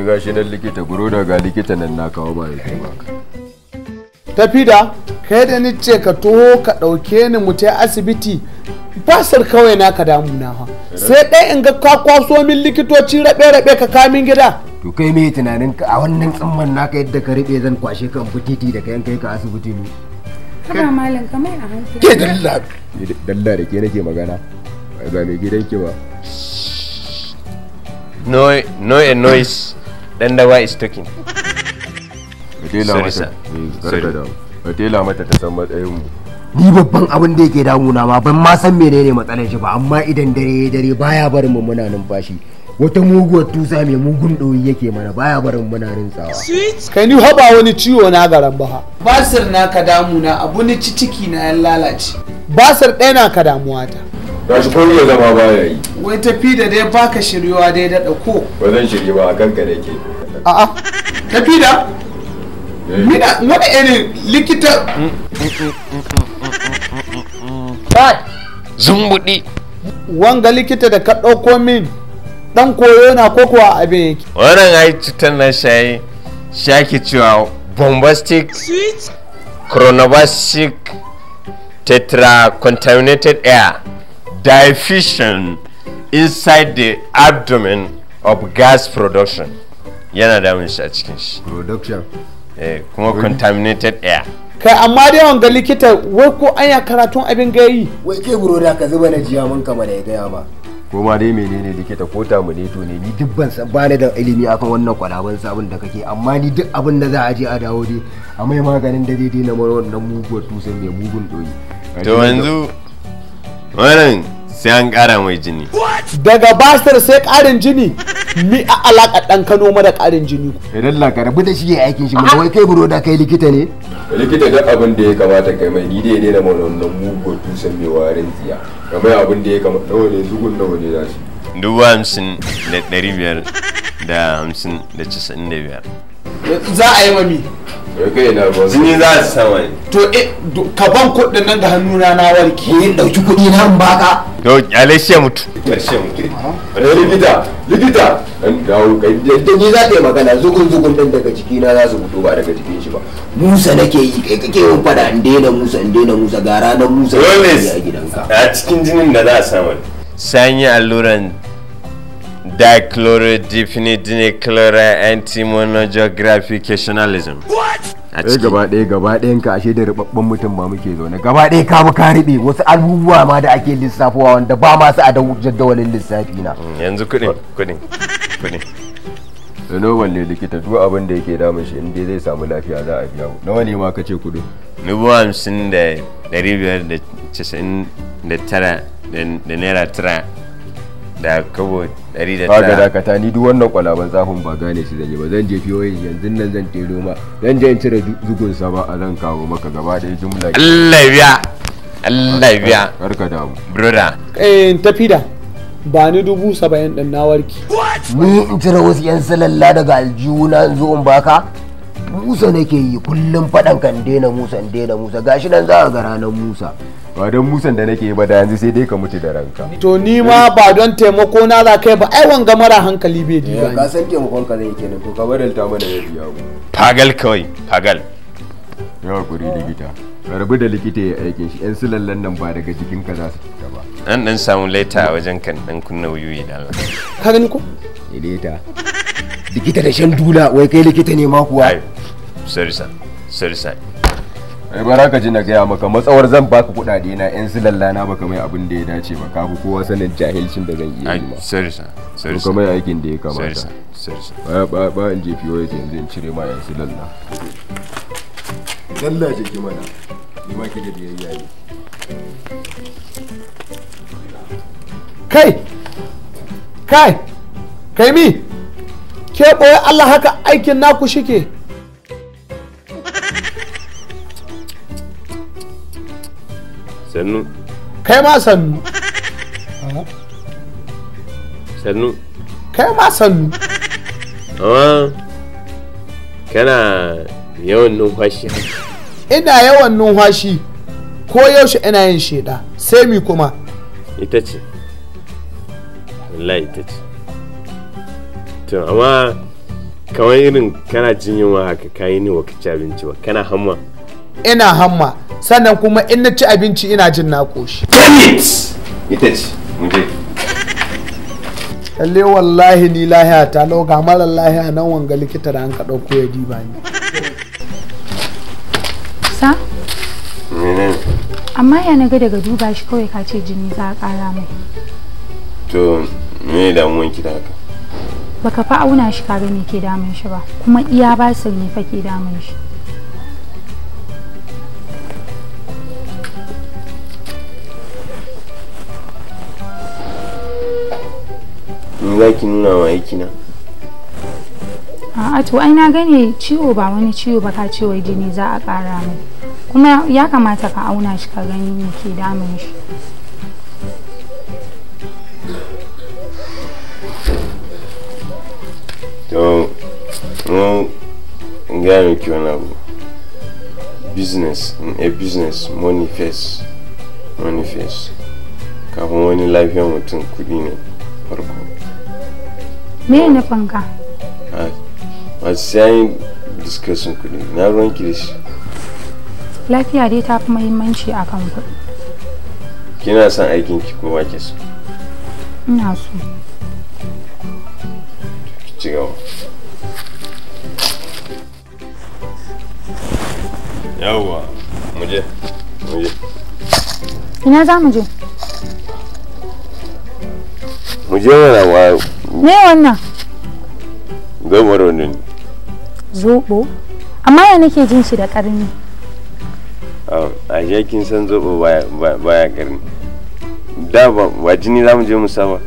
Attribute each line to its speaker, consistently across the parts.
Speaker 1: ni gashi nan likita guro da ga likita nan na kawo ba yake ba
Speaker 2: tafi da kai da ni ce ka toho ka ɗauke ni mu ta asibiti basar kawai na ka damu na ha sai dai in ga ka kwaso min
Speaker 1: likitoci rabe-rabe ka kamin gida to kai me tunanin ka a wannan tsamman naka yadda ka rabe zan kwashe kan fititi da kayan kai ka asibiti ne
Speaker 3: kana malam mai a hankali ke dalla
Speaker 1: dalla da ke nake magana ba mai gidanki ba no no noise Dan dawa is talking a tela eh, mata ta san matsayin mu ni babban abin da yake damuna ma ban ma san menene matsalar shi ba amma idan dare ya dare baya barin mu muna numfashi wata muguwar tusa mai mugun ɗoyi yake mana baya barin muna rintsawa
Speaker 2: kai ni haba wani ciwo na garan baha basir na ka damuna abu ni ciki na yan lalace basir ɗaya na ka damuwa ta
Speaker 1: ba su ko iya zama ba ya yi
Speaker 2: wai tafi da dai baka shiryuwa dai da ɗauko
Speaker 1: ba zan shirye ba a kanka da ke
Speaker 2: a'a tafi da eh. mina wani irin likita Dad! Zumbuɗi! Wanga likita da ka ɗauko
Speaker 1: min ɗan koyo na koko a abin yake. Wannan ai cutar na shayi shaki cewa bombastic coronavirus tetra contaminated air diffusion inside the abdomen of gas production yana da shi a cikin shi production eh kuma contaminated air
Speaker 2: kai amma dai wanga likita wai ko anya karatun abin gayi wai ke buro da ka zuba na jiya mun kama da ya gaya ba
Speaker 1: ko ma dai menene likita ko ta mu ne to ne ni duk ban san ba da ilimi akan wannan kwalaban sabon da kake amma ni duk abin da za a je a dawo dai a mai maganin da zai daina mu wannan mugun tusan mai mugun doyi to yanzu wannan sai an ƙara mai jini daga
Speaker 2: bastar sai ƙarin jini ni a alaƙa ɗan kano mara ƙarin jini idan eh, laka rabu da shi
Speaker 1: ya aikin shi mai kai buro da kai likita ne likita duk abin da ya kamata kai mai ni dai ne na mugu, tun san mai warin tsiya kamar abin da ya kamata nawa ne zugun nawa ne za shi dubu hamsin da ɗari biyar da hamsin da casa'in da biyar
Speaker 2: za a yi mami
Speaker 1: jini za su sama ne
Speaker 2: to eh, ka ban kudin nan
Speaker 1: da hannuna na warke yin ɗauki kuɗi na ba baka to alishe shi ya mutu alishe mutu wani likita likita dan dawo kai da ni za ta yi magana zugun zugun din daga ciki na za su fito ba daga cikin shi ba musa nake yi kai kake yin fada an daina musa an daina musa gara na musa ya gidanka a cikin jinin da za a sama sanya alluran dichlorodiphenidinichlora antimonographicationalism a cikin eh, gaba ɗaya gaba ɗayan ka ashe da rubabban mutum ba muke zaune gaba ɗaya ka mu karibe wasu abubuwa ma da ake lissafowa wanda ba ma su a lissafi na mm, yanzu kuɗi kuɗi kuɗi. noman ne likita duk abin da yake damun shi inda zai samu lafiya za a biya nawa ne ma ka ce kuɗi dubu hamsin da dari biyar da casa'in da tara da naira tara da kabo 109 da dakata ni duk wannan kwalaban zafin ba gane shi zanyi yi ba zan je fiyo yanzu nan zan tero ma zan je in cire zugun sa ba a zan kawo maka gaba ɗaya jumla Allah biya Allah biya karka damu broda
Speaker 2: eh tafi da ba ni dubu
Speaker 1: saba'in din na warki ni in cire wasu yan salalla daga aljihuna in zo in baka musa nake yi kullum faɗan kan daina musa daina musa gashi nan za a ga ranar musa ba don musan da nake ba da yanzu sai dai ka mutu da ranka to
Speaker 2: ni ma ba don taimako na za kai ba ai wanga mara hankali bai diba eh, ka
Speaker 1: san taimakon ka zai kenan to ka badalta mana ya biya ku fagal kawai fagal yawa kuri likita rabu da likita ya aikin shi yan sulallan nan ba daga jikin ka za su fita ba an dan samu laita a wajen kan dan kunna wuyoyi da Allah ka gani ko leta likita da shan dula wai kai likita ne ma kuwa sorry sir sorry sir ai bara ka ji na gaya maka matsawar zan baka kudade na yan silalla na baka mai abin da ya dace ba kafu kowa sanin jahilcin da zan iya yi ma sarisa sarisa kuma aikin da ya kamata sarisa ba ba ba in je fiyo yake yanzu in cire ma yan silalla lalla je ki mana ni ma ki da biyayya ne kai
Speaker 2: kai kai mi ke boye Allah haka aikin naku shike sannu kai ma sannu sannu kai ma sannu
Speaker 1: amma kana yawan numfashi
Speaker 2: ina yawan numfashi ko yaushe ina yin sheda sai mi kuma
Speaker 1: ita ce wallahi ita ce to amma kamar irin kana jin yunwa haka kayi ni wa ci abinci ba kana hamma
Speaker 2: ina hamma sannan kuma in na ci abinci ina jin na koshi ita ce Kalle wallahi ni lahiya ta lau ga mara lahiya nan wanga likita da an ka ɗauko ya diba
Speaker 1: ni
Speaker 3: sa amma ya naga daga duba shi kawai ka ce jini za a ƙara mai
Speaker 1: to me damuwan ki da haka
Speaker 3: baka fa auna shi ka ne ke damun shi ba kuma iya ba basir ne fa ke damun shi
Speaker 1: zaki nuna wa aiki na
Speaker 3: a'a to ai na gane ciwo ba wani ciwo ba ka ciwo jini za a ƙara mu kuma ya kamata ka auna shi ka gani me ke damun shi
Speaker 1: to mu gaya ki wani abu business in a business money first money first kafin wani lafiyar mutum kudi ne farko
Speaker 3: me ya nufin ka
Speaker 1: ah, masu sayan diskasin kuɗi na ruwan kirishi
Speaker 3: lafiya dai ta fi muhimmanci a kan kuɗi
Speaker 1: kina son aikin ki ko wake so ina so ci gaba yawwa muje muje ina za mu je mu je wayo.
Speaker 3: me wannan
Speaker 1: gamaro ne
Speaker 3: zobo amma ya nake jin shi da karni
Speaker 1: a shi kin san zobo baya karni da ba jini za mu je mu saba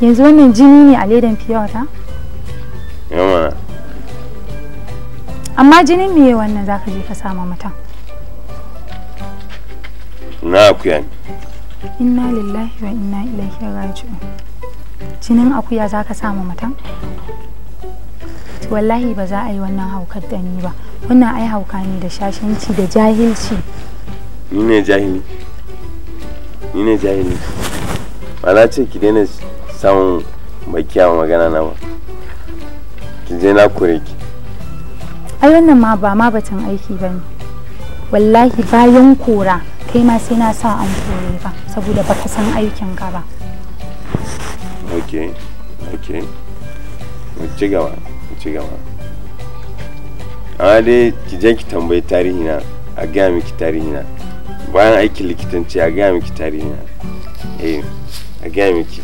Speaker 3: yanzu wannan jini ne a ledan fiyawata yawa amma jinin me wannan zaka je ka sama mutum
Speaker 1: na akuya ne
Speaker 3: inna lillahi wa inna ilaihi raji'un jinin akuya za ka samu mutum wallahi ba za a yi wannan haukar da ni ba wannan ai hauka ne da shashanci da jahilci
Speaker 1: ni ne jahili ni ne jahili ba na ce ki daina samun bakiya magana na ba ki je na kure ki
Speaker 3: ai wannan ma ba ma batun aiki ba ne wallahi bayan kora kai ma sai na sa an kore ba saboda baka san aikin ka ba
Speaker 1: ok ok ci gaba ci gaba amma dai ki je ki tambayi tarihi na a gaya miki tarihi na bayan aikin likitanci a gaya miki tarihi na eh a gaya miki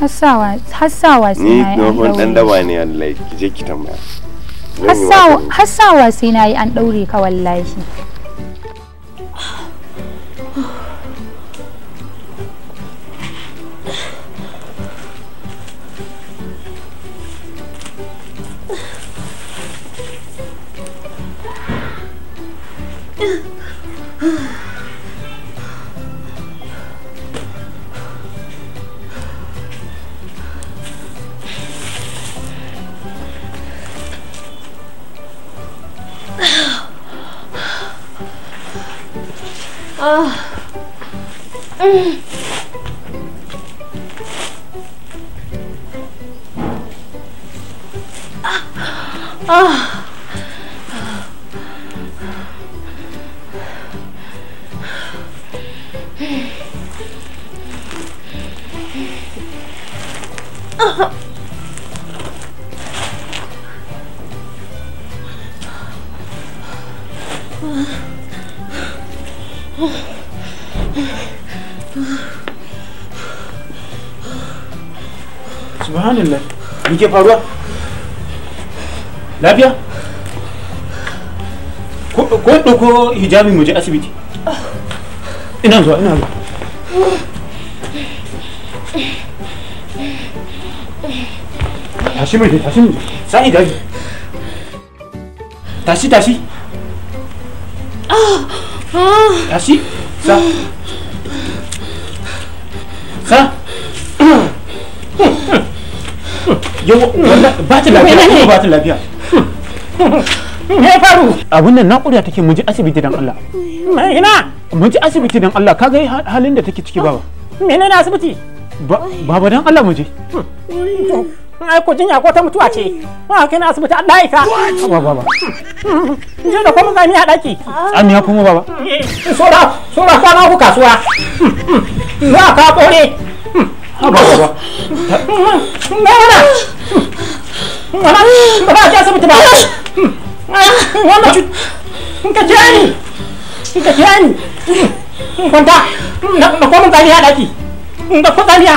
Speaker 3: hassawa hassawa sai na yi ni dan daba
Speaker 1: ne ki je ki tambaya
Speaker 3: hassawa sai na yi an daure ka wallahi 嗯。
Speaker 4: subhanallah me ke faruwa lafiya ko ɗauko hijabi mu je asibiti ina zuwa ina zuwa tashi mu je tashi mu je sai tashi tashi tashi tashi sa sa yau ba ta lafiya kuma ba ta
Speaker 5: me ya faru
Speaker 4: abin nan naƙuda take mu je asibiti dan Allah ina mun je asibiti dan Allah kaga halin da take ciki baba
Speaker 5: menene asibiti
Speaker 4: baba dan Allah mu je
Speaker 5: ai ko jinya ko ta mutuwa ce ba kai na asibiti Allah ya ka ba ba ba je da kuma zami a daki
Speaker 4: amiya kuma baba
Speaker 5: sora sora kwana ku kasuwa za ka kore ba ba ba ba ba ba ba ta asibiti ba ba ba ba ka je ni ka je ni kwanta ba kuma daki ba da zamiya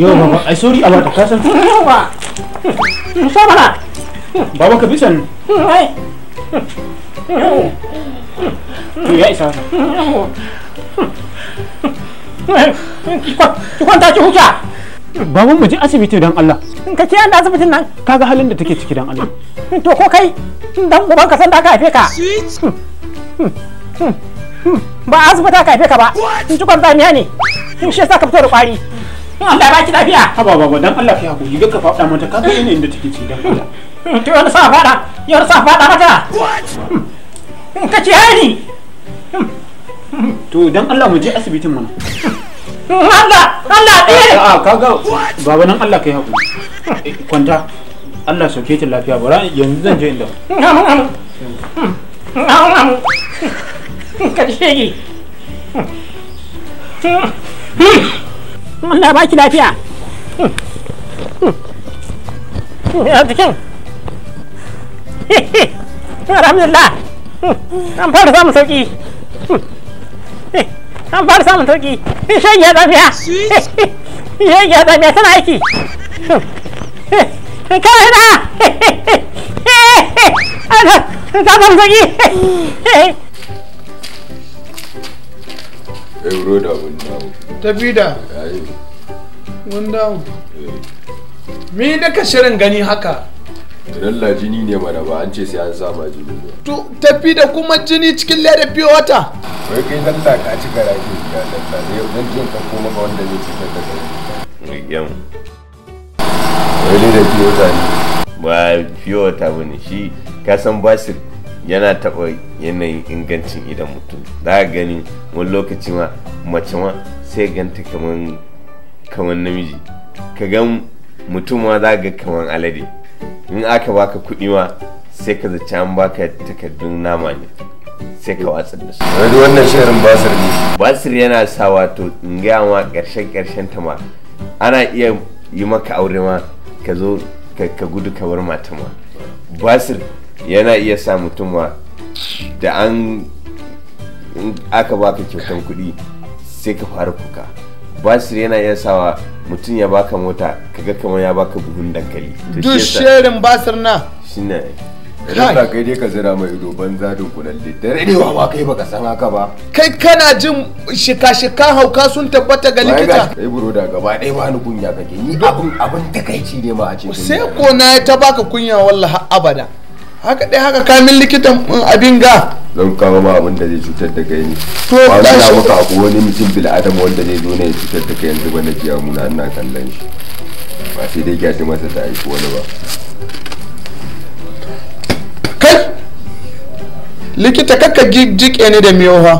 Speaker 4: yau baba ai sorry a baka kasan
Speaker 5: yawa musabara
Speaker 4: baba ka bisan
Speaker 5: hmm, ai to ya isa hmm,
Speaker 4: hmm. ki kwanta ki huta baban mu je asibiti dan Allah
Speaker 5: ka ce da asibitin
Speaker 4: nan kaga halin da take ciki dan Allah
Speaker 5: to ko kai dan uban ka san da ka haife ka ba asibita ka haife ka ba in ci kwanta miya ne in shi yasa ka fito da kwari Allah ba ki lafiya.
Speaker 4: Haba baba dan Allah ki hakuri ga ka faɗa mata ka gani ne inda take ci dan Allah.
Speaker 5: To wani sa faɗa, ya wani sa faɗa mata. Hmm, ka ci hani. Hmm,
Speaker 4: hmm. To dan Allah mu je asibitin mana.
Speaker 5: Allah, Allah ɗaya. Ah, eh. A'a
Speaker 4: ah, kaga baba nan Allah kai hakuri. Eh, kwanta. Allah sauke ta lafiya bara yanzu zan je inda.
Speaker 5: Ka shege. Hmm. Allah da baki lafiya ya cikin alhamdulillah an fara samun sauki an fara samun sauki shan ya lafiya shan ya lafiya tana aiki kawai na ta samu sauki
Speaker 1: Euro da abin
Speaker 2: ta bida mun mi da ka shirin gani haka
Speaker 1: Ralla jini ne mana ba an ce sai an sama jini
Speaker 2: To tafi da kuma jini cikin leda fiye wata. Wai kai lalla ka ci garaje ya
Speaker 1: lalla ne zan jin ka koma ga wanda zai ci da garaje. Yan. Wai leda fiye wata ne. Ba fiye wata bane shi ka san basir yana taɓa yanayin ingancin idan mutum za a gani wani lokaci ma mace ma sai ganta kamar namiji ka gan mutum ma za ga kamar alade in aka baka kuɗi ma sai ka zaci an baka takardun nama ne sai ka watsar da su wani wannan shirin basir ne basir yana sa wato in gaya ma ƙarshen ƙarshen ta ma ana iya yi maka aure ma ka zo ka gudu ka bar mata ma basir yana iya sa mutum da an aka baka kyautan kuɗi sai ka fara kuka basir yana iya sawa mutum ya baka mota kaga kamar ya baka buhun dankali duk shirin
Speaker 2: basir na
Speaker 1: shine Rasa kai dai ka zira mai ido banza da kunalle ne wa ma kai baka san haka ba. Kai kana jin shika-shika hauka sun tabbata ga likita. Kai buru da gaba ɗaya ba ni kunya kake ni abin abin takaici ne ma a ce. Sai
Speaker 2: ko na ta baka kunya wallahi abada. haka dai haka kamin likitan
Speaker 1: mm, abin ga zan kawo ma abin da zai cutar da kai ne to ba su na maka akwai wani mutum bil adam wanda zai zo ne ya cutar da kai yanzu ba na jiya muna ina kallon shi ba sai dai gyashi masa ta aiki wani ba
Speaker 2: kai likita kakka jike ni da miyowa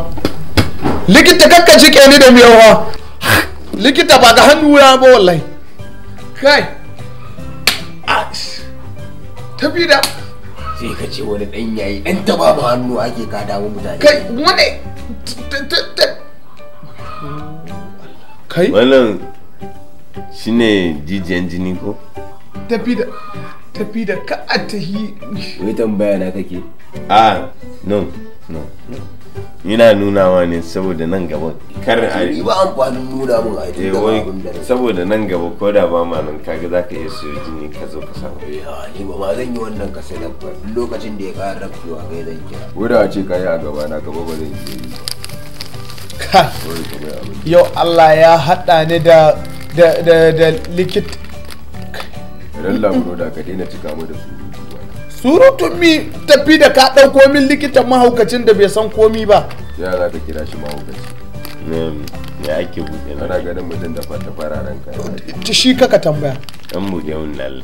Speaker 2: likita kakka jike ni da miyowa likita ba ga hannu ya ba wallahi kai
Speaker 1: tafi da sai ka ce wani dan yayi dan ta babu hannu ake ka damu mutane
Speaker 2: kai wani
Speaker 1: kai wannan shine jijiyan jini ko tafi da tafi da ka a tahi wai tambaya na kake ah no no no yana nunawa ne saboda nan gaba a yi ba amfanin nuna mun a ita eh, da saboda nan gaba ko da ba ma nan kaga za ka iya siyo jini ka zo ka samu ya eh, ni ba ma zan yi wannan ka sai rabuwa lokacin da ya ƙara rabuwa ga zan ko da a ce ka yi a gaba na gaba ba zan yi yau Allah
Speaker 2: ya haɗa ni da da da likit
Speaker 1: ran laburo da ka daina cika mu da su
Speaker 2: surutun mi tafi da ka ɗauko min likitan mahaukacin da bai
Speaker 1: san komi ba ya za ka kira shi mahaukaci ya ake buɗe na ganin mutum da fata fararen kaya
Speaker 2: shi kaka tambaya
Speaker 1: an buɗe mun nan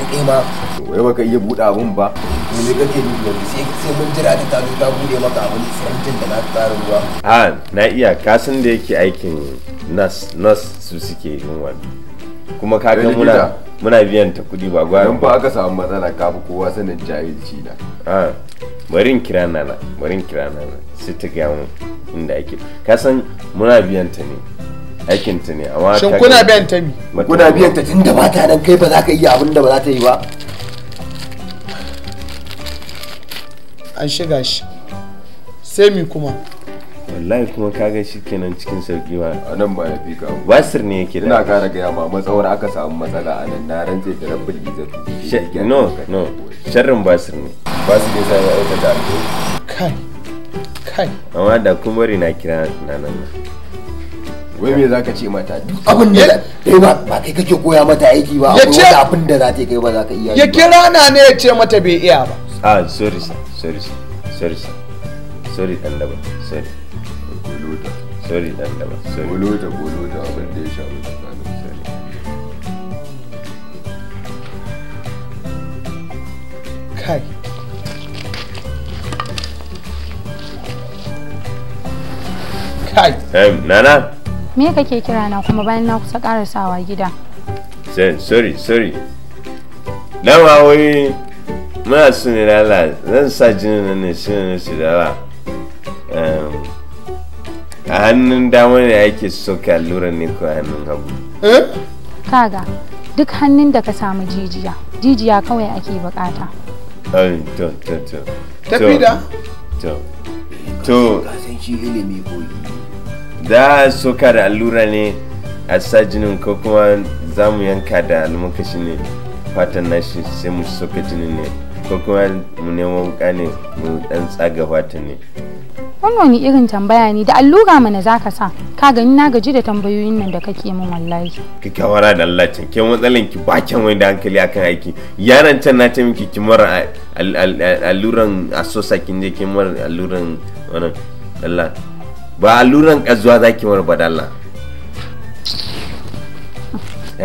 Speaker 1: buɗe ma wai baka iya buɗe abun ba to ne kake nufi yanzu sai mun jira da ta zo ta buɗe maka abun tsantin da na tsara ruwa a na iya kasan da yake aikin nas nas su suke yin wani kuma ka ga muna muna biyan ta kudi ba gwara ba aka samu matsala ka fi kowa sanin jahilci na a bari kira nana bari kira nana sai ta ga mu inda ake ka san muna biyan ta ne aikin ta ne amma shin kuna biyan ta mi kuna biyan ta tunda ba ta nan kai ba za ka iya abin da ba za ta yi ba an shiga shi
Speaker 2: sai mi kuma
Speaker 1: wallahi kuma kaga shi kenan cikin sauki ba a nan ba ya fi ka wasir ne yake da ina kara gaya ma matsawar aka samu matsala a nan na rantse da rabbul izzatu no no sharrin basir ne basir ne sai ya da alheri kai kai amma da kuma bari na kira na nan wai me zaka ce mata abin da kai ba ba kai kake koya mata aiki ba akwai wani abin da za ta kai ba za ka iya ya kira
Speaker 2: na ne ya ce mata bai iya ba
Speaker 1: ah sorry sir sorry sir sorry sir sorry dan da sorry bolota sorry dan daba sorry bolota bolota abin da ya shafi tsakanin sorry kai kai em nana
Speaker 3: me kake kira na kuma bayan na kusa karasawa gida
Speaker 1: sorry sorry dama wai muna su ne lala zan sa jini ne shi ne shi lala a hannun dama ne ake soke allurar ne ko hannun hagu
Speaker 3: eh? kaga duk hannun da ka samu jijiya jijiya kawai ake bukata
Speaker 1: to to to tafi da to to da soka da allura ne a sajinin ko kuma za mu yanka da almakashi ne fatan nashi sai mu soka jinin ne ko kuma mu nemo wuka ne mu dan tsaga fatan ne
Speaker 3: wannan wani irin tambaya ne da allura mana za ka sa ka gani na gaji da tambayoyin nan da kake min wallahi
Speaker 1: ki kawara da Allah can ke matsalan ki bakin wani da hankali akan aiki yaran can na ce miki ki mara alluran asosa kin je ki mara alluran wannan Allah ba alluran kazuwa zaki mara ba Allah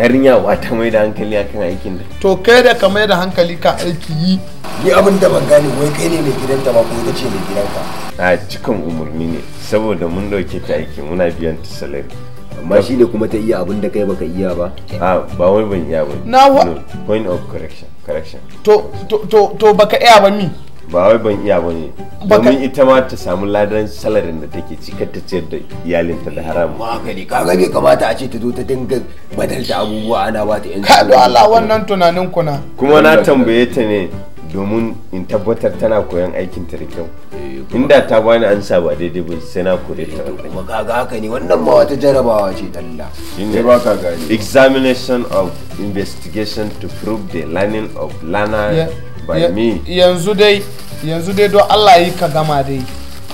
Speaker 1: yarinya wata mai da hankali akan aikin da
Speaker 2: to kai da ka mai da hankali ka aiki yi ni abin da ban gane wai kai ne mai
Speaker 1: gidanta ba ko ita ce mai gidanka a cikin umarni ne saboda mun dauke ta aiki muna biyan ta salari amma shi ne kuma ta iya abin da kai baka iya ba a ba wai ban iya ba na wa point of correction correction to to to baka iya ba ni ba wai ban iya ba ne domin ita ma ta samu ladan salarin da take cikar ta ciyar da iyalinta da haramu ma ka ne kaga bai kamata a ce ta zo ta dinga badalta abubuwa ana ba ta yanzu ka Allah
Speaker 2: wannan tunanin kuna kuma na
Speaker 1: tambaye ta ne domin in tabbatar tana koyon aikin ta da kyau eh, inda ta bani an sa ba daidai ba sai na kore ta eh, kuma kaga haka ne wannan ma wata jarabawa ce talla shine ba ka gani examination of investigation to prove the learning of learner by me yanzu dai yanzu
Speaker 2: dai don Allah yi ka gama dai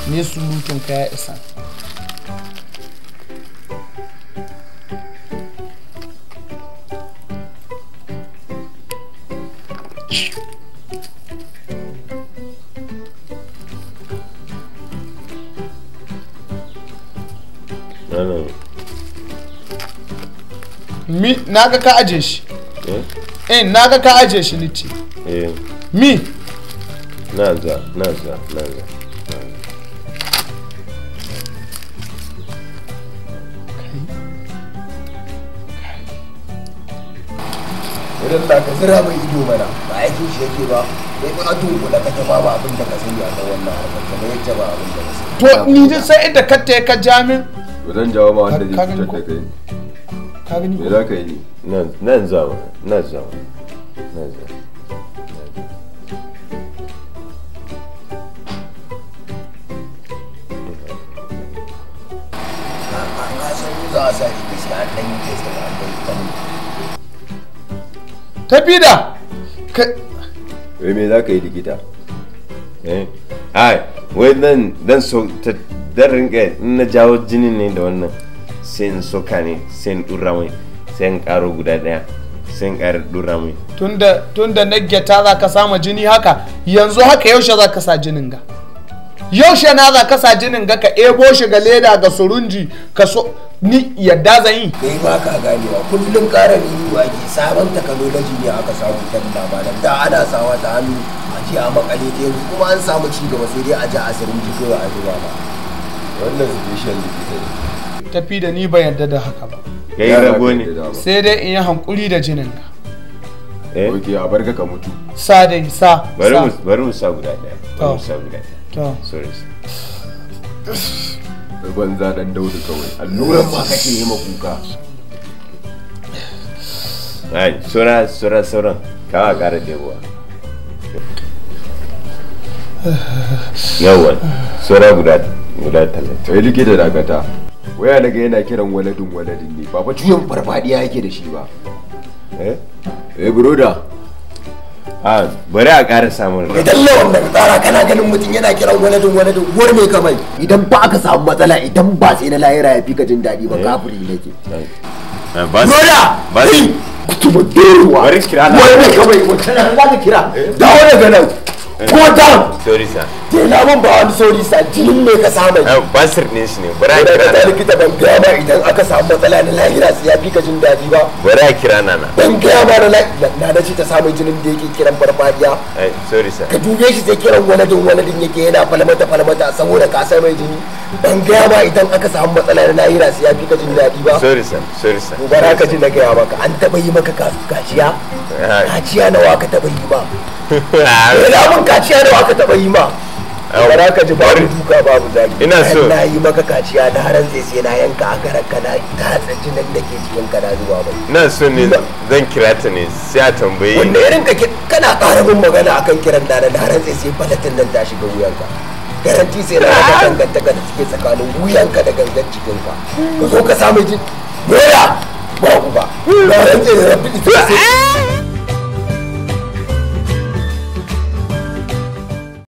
Speaker 2: ne su ka ya isa mi na ga ka aje shi eh, eh na ga ka aje shi nice
Speaker 1: eh mi na ga na ga ba ka zira mai ido mana ba aikin shi yake ba sai kuna tun kula ka tama ba abin da ka sani a kan wannan harkar kamar yadda ba abin da ka sani
Speaker 2: to ni dai sai inda ka ta ka jamin
Speaker 1: ba zan jawo ba wanda zai cutar da kai ka me za ka yi nan zama nan
Speaker 5: zama nan zama
Speaker 1: tafi da wai me za ka yi likita eh ai wai nan dan zan rinka in na jawo jinin ne da wannan sai in soka ne sai in dura mai sai in karo guda daya sai in kara dura mai
Speaker 2: tunda tunda na gyata za ka sama jini haka yanzu haka yaushe za ka sa jinin ga yaushe na za ka sa jinin ga ka ebo shi ga leda ga surunji ka
Speaker 1: so ni yadda zan yi kai ma ka ganewa kullum ƙara riri ke sabon technology ne aka samu ta labaran da ana sawa ta hannu a ji a makale kuma an samu ci gaba sai dai a ji asirin jiko a zuba ba wannan special likita
Speaker 2: ne tafi da ni ba yarda da haka ba yi rago ne sai dai in yi hankuri da jinin ka
Speaker 1: eh oke a barka ka mutu sa dai sa bari mu bari mu sa guda daya bari mu sa guda daya to sorry banza dan daudu kawai alluran ma kake yi makuka ai sura sura sura kawa kara debuwa yawan sura guda guda talatin ya duke da dakata waya daga yana kiran waladin waladin ne ba fa ciwon farfadiya yake da shi ba eh eh broda a ah, bari a ƙara samun rai idan lawan da tsara kana ganin mutum yana kiran waladin waladin war me kamai idan ba ka samu matsala idan ba sai na lahira ya fi ka jin daɗi ba eh? kafiri nake eh, broda ba kuma dorewa wani mai kamai
Speaker 2: wacce na za ka kira eh? dawo daga nan
Speaker 1: ko down sorry sir tela mun ba wani sori sa jinin ne ka samu basir ne shi ne bari a kira na likita ban gaya ba idan aka samu matsala na lahira sai ya fi ka jin daɗi ba bari a kira na na. ban gaya ba na nana ce ta samu jinin da yake kiran farfadiya sori sa. ka dube shi sai kiran waladin waladin yake yana falmata falmata saboda ka sai mai jini ban gaya ba idan aka samu matsala na lahira sai ya fi ka jin daɗi ba sori sir sori sir bari ka ji na gaya maka an taɓa yi maka kaciya kaciya na wa ka taɓa yi ba yana mun kaciya da aka taba yi ma ba za ka ji babu duka babu zagi ina so na yi maka kaciya na haran zai sai na yanka a garan ka na tatsa nan da ke cikin ka na zuwa bai ina so ne zan kira ta ne sai a tambaye wanda irin ka kana karabin magana akan kiran da na haran zai sai falatin nan ta shiga wuyanka garanti sai na ga dangantaka da suke tsakanin wuyanka da gangan cikin ka ka zo ka samu jin doya babu ba na rantse da rabbi ita sai